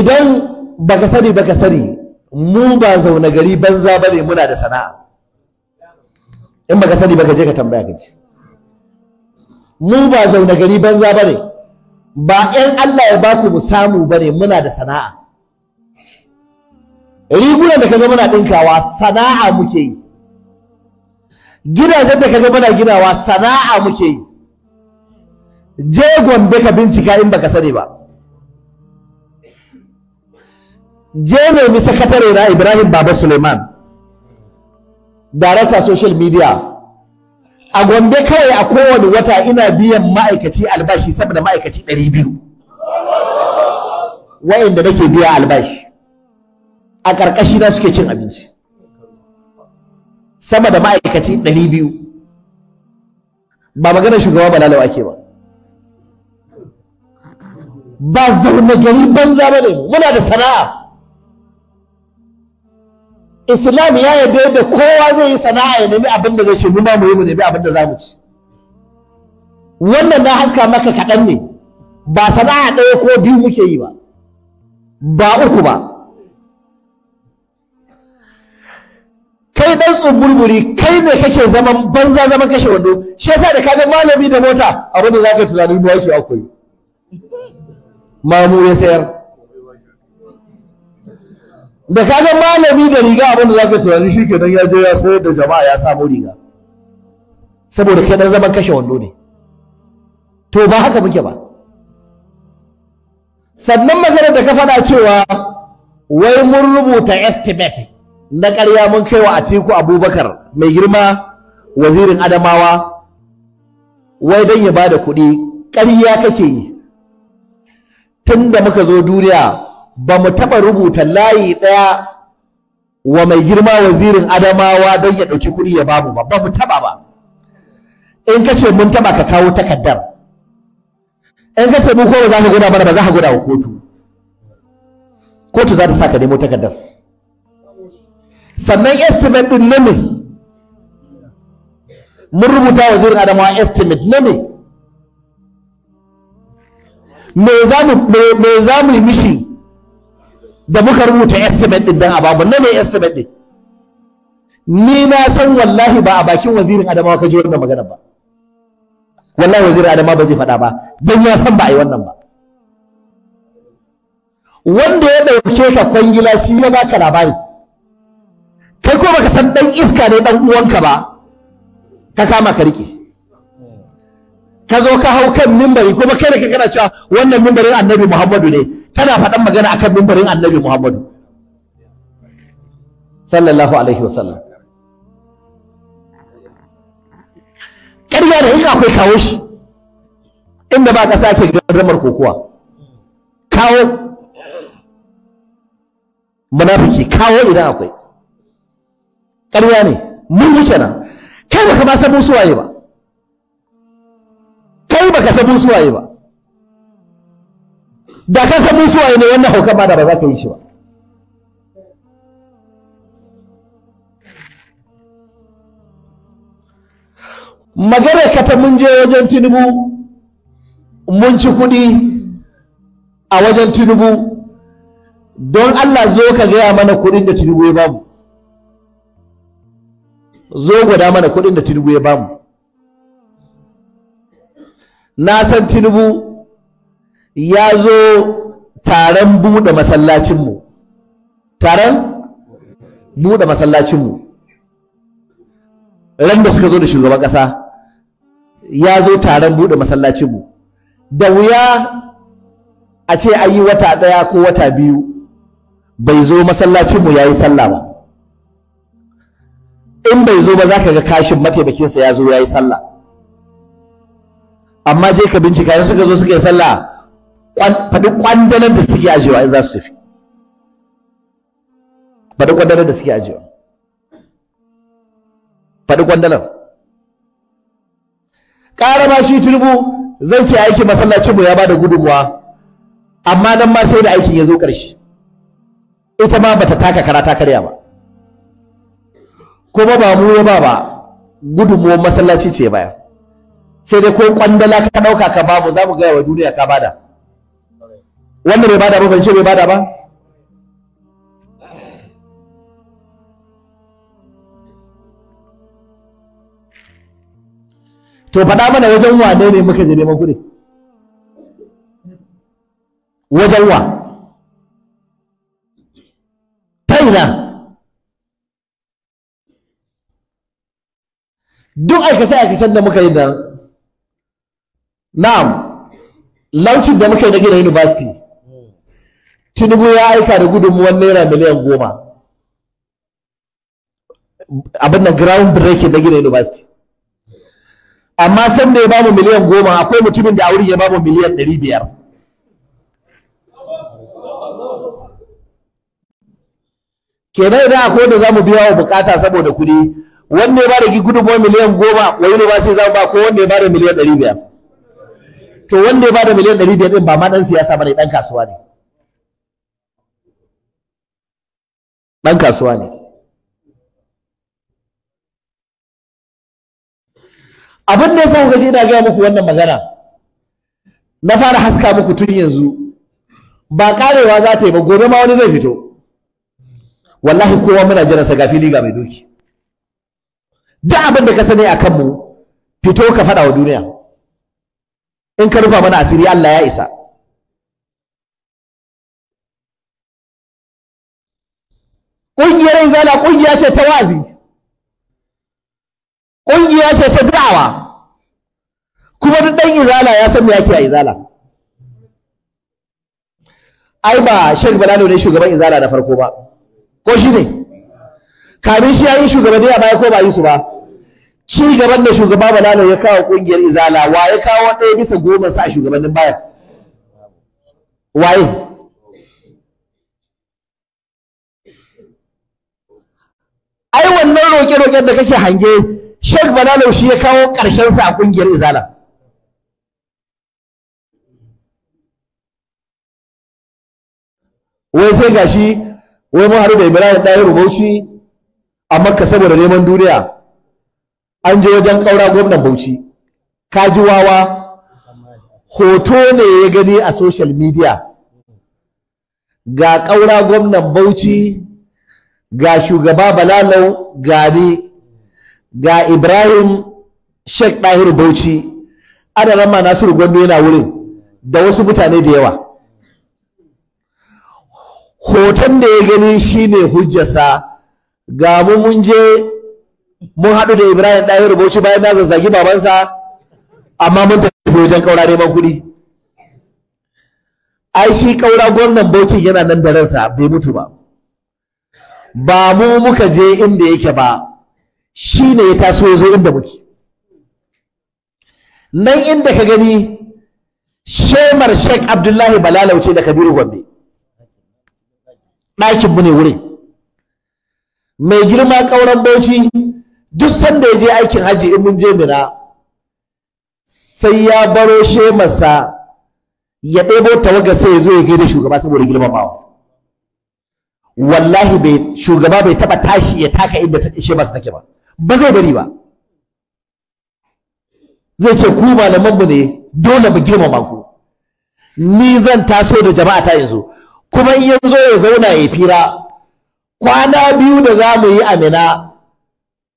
idan baka sani baka sani mu ba zaune gari banza bane muna da sana'a in baka sani baka je ka tambaya ka ci mu ba zaune gari banza bane ba ƴan Allah ya baku mu samu bane muna da sana'a rigunan da kaga muna ɗinkawa sana'a muke yi gidajen da kaga muna ginawa sana'a muke yi je gombe ka bincika in baka sani ba je nemi sakatare na Ibrahim Baba Suleiman darakta social media a Gombe kawai a kowane wata ina biyan ma'aikaci albashi saboda ma'aikaci ɗari biyu wa'inda nake biya albashi a ƙarƙashi na suke cin abinci sama da ma'aikaci ɗari biyu ba maganar shugaba balalawa ake ba ba zaune gari banza ba ne muna da sana'a islam ya yarda da kowa zai yi sana'a ya nemi abin da zai ce mu mu yi mu nemi abin da za mu ci wannan na haska maka kaɗan ne ba sana'a ɗaya ko biyu muke yi ba ba uku ba kai ɗan tsumburburi kai ne kake zaman banza zaman kashe wando shi yasa da kaga malami da mota abin da zaka tunani ba shi akwai mamu ya sayar da kaga malami da riga abin da zaka tunani nan ya je ya sayar da jama'a ya samu riga saboda kai dan zaman kashe wando ne to ba haka muke ba sannan magana da ka faɗa cewa wai mun rubuta estimate na ƙarya mun kai wa Atiku Abubakar mai girma wazirin Adamawa wai don ya bada kuɗi ƙarya kake yi tun da muka zo duniya ba mu taɓa rubuta layi ɗaya wa mai girma wazirin adamawa don ya ɗauki kuɗi ya babu ba ba mu taɓa ba in ka ce mun taɓa ka kawo takardar in ka ce mu ko ba za ka gwada mana ba za ka gwada wa kotu kotu za ta sa ka nemo takardar sannan estimate ɗin na me mun rubuta wazirin adamawa estimate na me me za mu yi mishi da muka rubuta estimate din dan a babu na mai estimate din ni na san wallahi ba a bakin wazirin adamawa ka ji wannan magana ba wallahi wazirin adamawa ba zai faɗa ba dan ya san ba a yi wannan ba wanda ya ɗauke ka kwangila shi ya baka labari kai ko baka san ɗan iska ne ɗan uwanka ba ka kama ka rike ka zo ka hau kan mimbari kuma kai ne ka kana cewa wannan mimbarin annabi muhammadu ne tana faɗan magana akan mimbarin annabi Muhammadu sallallahu alaihi wasallam ƙarya da in akwai kawo shi inda ba ka sake gardamar kokowa kawo munafiki kawo idan akwai ƙarya ne mun wuce nan kai baka ba sabon suwaye ba kai baka sabon suwaye ba da ka san musu waye ne wannan hauka ba da ba za ka yi shi ba magana ka ta mun je wajen tinubu mun ci kuɗi a wajen tinubu don Allah zo ka gaya mana kuɗin da tinubu ya bamu zo gwada mana kuɗin da tinubu ya bamu na san tinubu ya zo taron buɗe masallacinmu taron buɗe masallacinmu ran da suka zo da shugaban ƙasa ya zo taron buɗe masallacinmu da wuya a ce an yi wata ɗaya ko wata biyu bai zo masallacinmu ya yi sallah ba in bai zo ba za ka ga kashin mataimakinsa ya zo ya yi sallah amma je ka bincika yin suka zo suka yi sallah faɗi kwandalar da suke ajewa in za su tafi faɗi kwandalar da suke ajewa faɗi kwandalar ƙara ma shi turbu zan ce aikin masallacinmu ya ba da gudunmuwa amma nan ma sai da aikin ya zo ƙarshe ita ma bata taka kara ta karya ba kuma ba mu ya ba ba gudunmuwan masallaci ce baya sai dai ko kwandala ka ɗauka ka ba mu za mu gaya wa duniya ka bada Wanda bai bada ba bai ce bai bada ba to faɗa mana wajen wa ne muka je neman kuɗi wajen wa ta ina duk aikace-aikacen da muka yi da na'am launcin da muka yi na gina university tinubu ya aika da gudunmuwan naira miliyan goma abin da ground breaking na gina university amma san da ya bamu miliyan goma akwai mutumin da a wurin ya bamu miliyan ɗari biyar kenan idan akwai wanda za mu biya wa bukata saboda kuɗi wanda ya bada gudunmuwa miliyan goma wa university za mu ba ko wanda ya bada miliyan ɗari biyar to wanda ya bada miliyan ɗari biyar ɗin ba ma ɗan siyasa ba ne ɗan kasuwa ne ɗan kasuwa ne abin da ya sa gaji ina gaya muku wannan magana na fara haska muku tun yanzu ba karewa za ta yi ba gobe ma wani zai fito wallahi kowa muna sa ga fili ga mai doki duk abin da ka sani a kanmu fito ka faɗa wa duniya in ka rufa mana asiri Allah ya isa ƙungiyar izala ƙungiya ce ta wazi ƙungiya ce ta da'awa kuma duk ɗan izala ya san me yake a izala ai ba Sheikh Balalo ne shugaban izala na farko ba ko shi ne kamin shi ya yi shugabanni a baya ko ba yi su ba ci gaban da shugaba Balalo ya kawo ƙungiyar izala wa ya kawo ɗaya bisa goma sa shugabannin baya waye waɗannan roƙe-roƙen da kake hange Sheikh bala laushi ya kawo ƙarshen sa a ƙungiyar Izala wai sai gashi wai mun haru da Ibrahim ɗaya Bauchi a Makka saboda neman duniya an je wajen ƙaura gwamnan Bauchi Ka ji wawa hoto ne ya gani a social media ga ƙaura gwamnan Bauchi ga shugaba balalau gari ga ibrahim sheikh ɗahir bauchi adadin ma nasiru gwando yana wurin da wasu mutane da yawa hoton da ya gani shi ne hujjasa ga mu mun je mun haɗu da ibrahim ɗahir bauchi bayan na zazzagi babansa amma mun tafi wajen ƙaura neman kuɗi ai shi ƙaura gwamnan bauchi yana nan da ransa bai mutu ba ba mu muka je inda yake ba shi ne ya taso ya zo inda muke nan inda ka gani shemar Sheikh Abdullahi Balalau ce da Kabiru Gombe ɗakin mu ne wurin mai girma ƙauren Bauchi duk sanda ya je aikin hajji in mun je Mina sai ya baro shemarsa ya ɗebo tawaga sai ya zo ya gaida shugaba saboda girmamawa wallahi bai shugaba bai taba tashi ya taka inda ta ishe masa take ba ba zai bari ba zai ce ku malaman mu ne dole mu girmama ku ni zan taso da jama'a ta yanzu kuma in ya zo ya zauna ya fira kwana biyu da za mu yi amina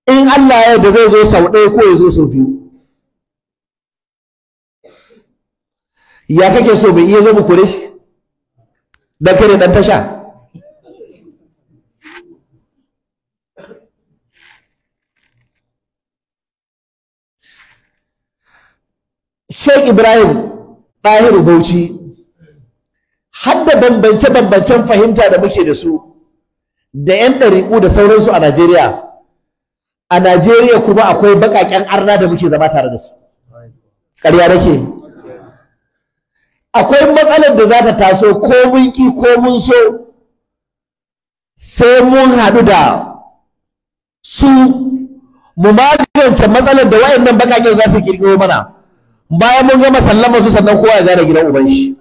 in Allah ya da zai zo sau ɗaya ko ya zo sau biyu ya kake so bai iya zo mu kure shi da kare dan tasha Sheikh Ibrahim Ɗahiru Bauchi har bambance-bambancen fahimta da muke da su da 'yan ɗariƙu da sauransu a Najeriya a Najeriya kuma akwai baƙaƙen arna da muke zama tare da su ƙarya nake akwai matsalar da za ta taso ko mun ƙi ko mun so sai mun haɗu da su mu magance matsalar da waɗannan baƙaƙen za su ƙirƙiro mana bayan mun gama sallama su sannan kowa ya gane gidan uban shi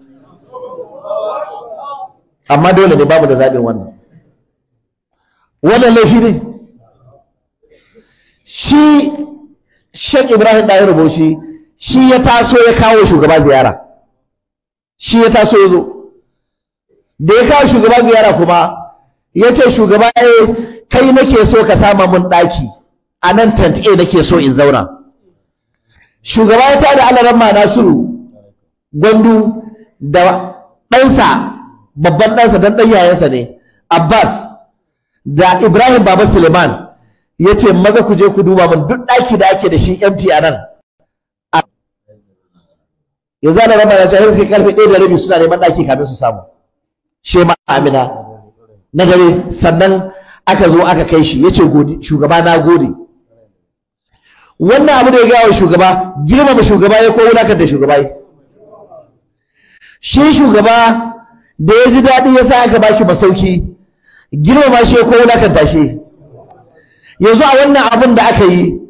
amma dole ne babu da zaɓin wannan wannan laifi ne shi shek Ibrahim ɗaya Rubuci shi ya taso ya kawo shugaba ziyara shi ya taso ya zo da ya kawo shugaba ziyara kuma ya ce shugaba eh, kai nake so ka sama mun ɗaki a nan tent A nake so in zauna shugaba ya tada alaramma nasiru gwandu da ɗansa babban ɗansa don ɗan yayansa ne abbas da ibrahim baba suleiman ya ce maza ku je ku duba min duk ɗaki da ake da shi empty a nan yanzu alaramma na cewa suke karfe ɗaya da rabi suna neman ɗaki kafin su samu ma amina na gare sannan aka zo aka kai shi ya ce shugaba na gode wannan abu da ya gaya wa shugaba girmama shugaba ya ko da shugaba shi shugaba da ya ji daɗi ya sa aka bashi masauki girmama shi ya ko da shi yanzu a wannan abin da aka yi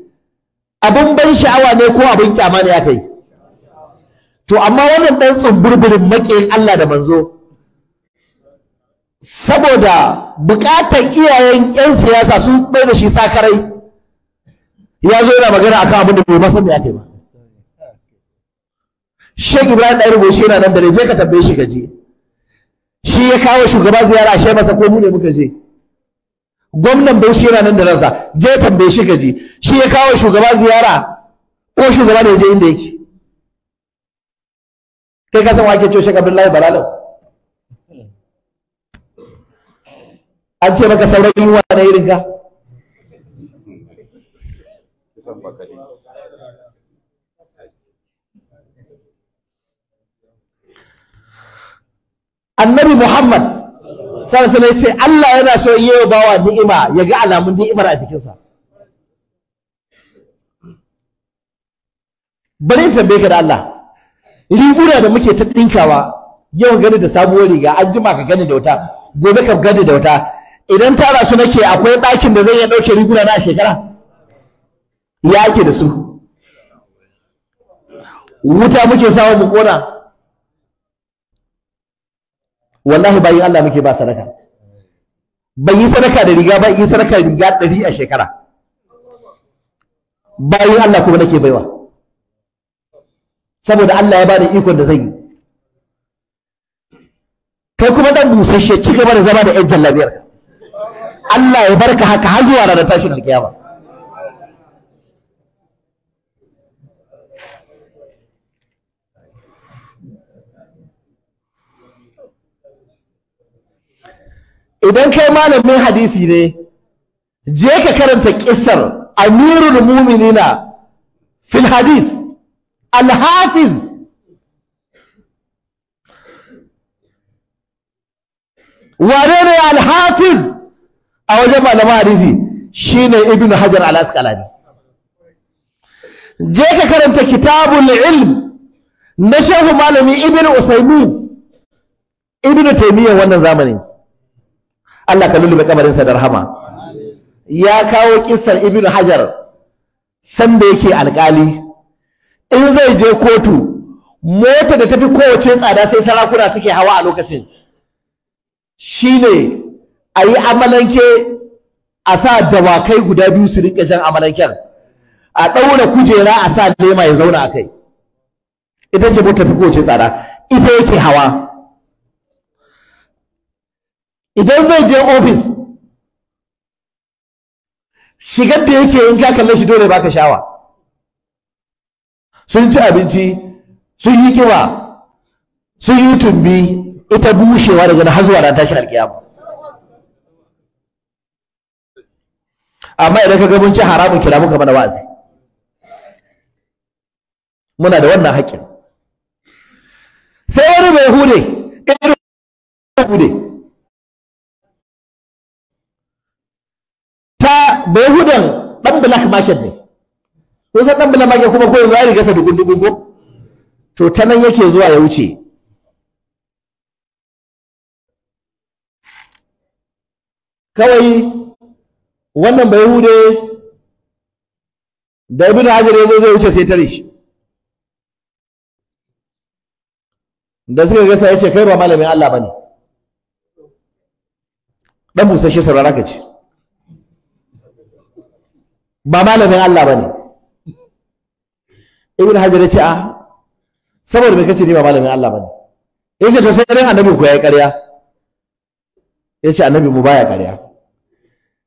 abin ban sha'awa ne ko abin kyama ne aka yi to amma wannan ɗan tsumburburin maƙiyin Allah da manzo saboda buƙatar iyayen 'yan siyasa sun bai da shi sakarai ya zo yana magana akan abin da bai masa me ake ba Sheikh Ibrahim Ɗari Goshi yana nan da ne je ka tambaye shi ka je shi ya kawo shugaba ziyara a masa ko mu ne muka je gwamnan Bauchi yana nan da ransa je tambaye shi ka je shi ya kawo shugaba ziyara ko shugaba da je inda yake kai ka san wake cewa Sheikh Abdullahi Balalau an ce maka wa na irin ka annabi muhammad sallallahu alaihi Allah yana so yi wa bawa ni'ima ya ga alamun ni'imar a sa. bari in tambaye ka da Allah riguna da muke ta dinkawa yau gani da sabuwar riga an jima ka gani da wuta gobe ka gani da wuta idan tara su nake akwai ɗakin da zai iya ɗauke riguna na a shekara ya ake da su wuta muke sawa mu kona wallahi bayin Allah muke ba sadaka ban yi sadaka da riga ba yi sadaka riga ɗari a shekara bayin Allah kuma nake baiwa saboda Allah ya bada ikon da zan yi kai kuma dan busasshe ci gaba da zama da ƴan jallabiyar Allah ya barka haka har zuwa ranar tashin alkiyama idan kai malamin hadisi ne je ka karanta ƙisar amirul muminina fil hadis alhafiz wane ne alhafiz a wajen malaman hadisi shine ibn hajar al asqalani je ka karanta kitabun ilm na shehu malami ibn usaimin ibn taimiyar wannan zamanin Allah ka lullube kabarinsa da rahama ya kawo kisan ibnu hajar sanda yake alkali in zai je kotu mota da tafi kowace tsada sai sarakuna suke hawa a lokacin shine a yi amalanke a sa dawakai guda biyu su rike jan amalanken a ɗaura kujera a sa lema ya zauna a kai ita ce mota tafi kowace tsada ita yake hawa idan zai je ofis shigar da yake in ka kalle shi dole baka shawa sun ci abinci sun yi kiba sun yi tumbi ita bushewa daga na hazuwa na tashi alkiyama amma idan ka gabin ci haramun kira muka mana wa'azi muna da wannan haƙƙin sai wani mai hude irin hude hatta bayahudan dan black market ne ko sai dan black market kuma ko yanzu ya riga sa dukun dukun ko to ta nan yake zuwa ya wuce kawai wannan bayahude da ibn hajar ya zo zai wuce sai ta rishi da suka gasa ya ce kai ba malamin Allah bane dan busasshe saurara ka ce ba malamin Allah ba ne ibn hajar ya ce a ah, saboda mai kace ni ba malamin Allah ba ne ya ce to sai ran annabi ku yayi ƙarya ya ce annabi mu baya ƙarya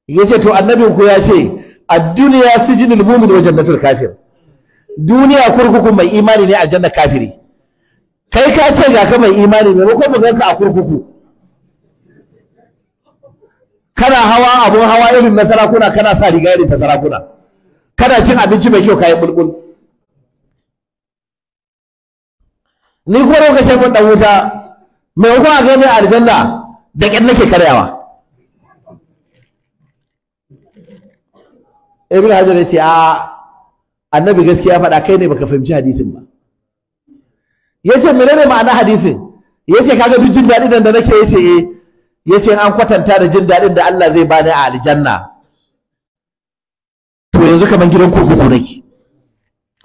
ya ce to annabi ku ya ce a ad-dunya sijnul mu'min wa jannatul kafir duniya kurkukun mai imani ne a jannar kafiri kai ka ce ga ka mai imani maimakon mu ganka a kurkuku kana hawa abun hawa irin na sarakuna kana sa riga irin ta sarakuna kana cin abinci mai kyau kayan bulbul ni kuma lokacin mun dan wuta mai kuma a gani aljanna da kin nake karyawa ibn hajar ya ce a annabi gaskiya faɗa kai ne baka fahimci hadisin ba yace menene ma'ana hadisin yace kaga duk jin daɗi da nake yace eh Ya ce an kwatanta da jin daɗin da Allah zai bani a aljanna to yanzu kaman gidan kurkuku nake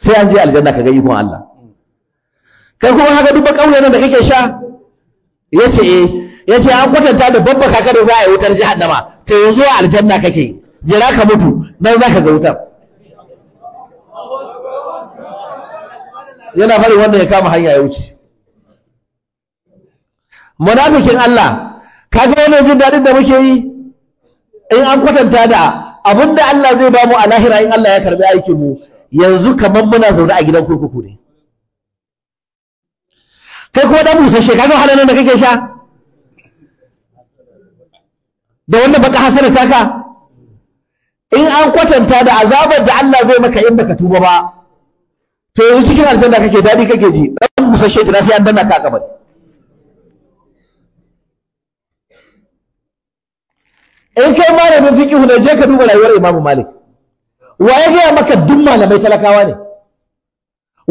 sai an je aljanna ka ga ikon Allah kai kuma haka duk bakauye nan da kake sha Ya ce eh ce an kwatanta da babba kaka da za a yi wutar jahannama to yanzu a aljanna kake jira ka mutu za zaka ga wutar yana fari wanda ya kama hanya ya wuce munafikin Allah kaga wannan jin daɗin da muke yi in an kwatanta da abinda Allah zai ba mu a lahira in Allah ya karbi aikin mu yanzu kamar muna zaune a gidan kurkuku ne kai kuma dan busasshe kaga wahalar da kake sha da wannan baka hasara taka in an kwatanta da azabar da Allah zai maka in baka tuba ba to yanzu cikin aljanna kake daɗi kake ji dan busasshe kina sai an danna ka kabari in kai malamin fiqhu ne je ka duba rayuwar imamu Malik wa ya gaya maka duk malamai talakawa ne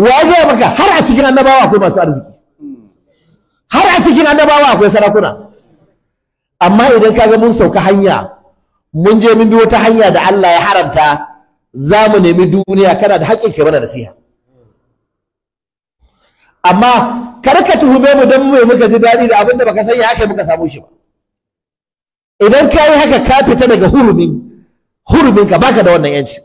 wa ya gaya maka har a cikin annabawa akwai masu arziki har a cikin annabawa akwai sarakuna amma idan ka ga mun sauka hanya mun je mun bi wata hanya da Allah ya haramta za mu nemi duniya kana da haƙƙin kai mana nasiha amma kar ka tuhume mu dan mu muka ji daɗi da abinda baka sanya haka muka samu shi ba idan ka yi haka ka fita daga hurumin hurumin ka baka da wannan yanci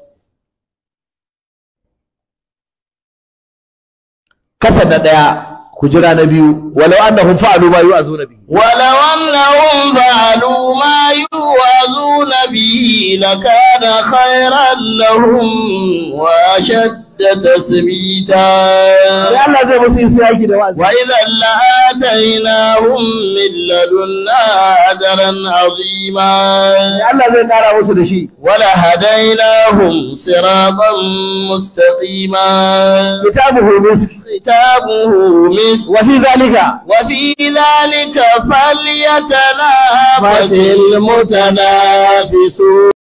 kasa na ɗaya jira na biyu walau annahum fa'alu ma yu'azu nabi walau annahum fa'alu ma yu'azu nabi lakana khairan lahum wa ashad تثبيتا وإذا لآتيناهم من لدنا أجرا عظيما ولهديناهم صراطا مستقيما كتابه مسك كتابه مسك وفي ذلك وفي ذلك فليتنافس المتنافسون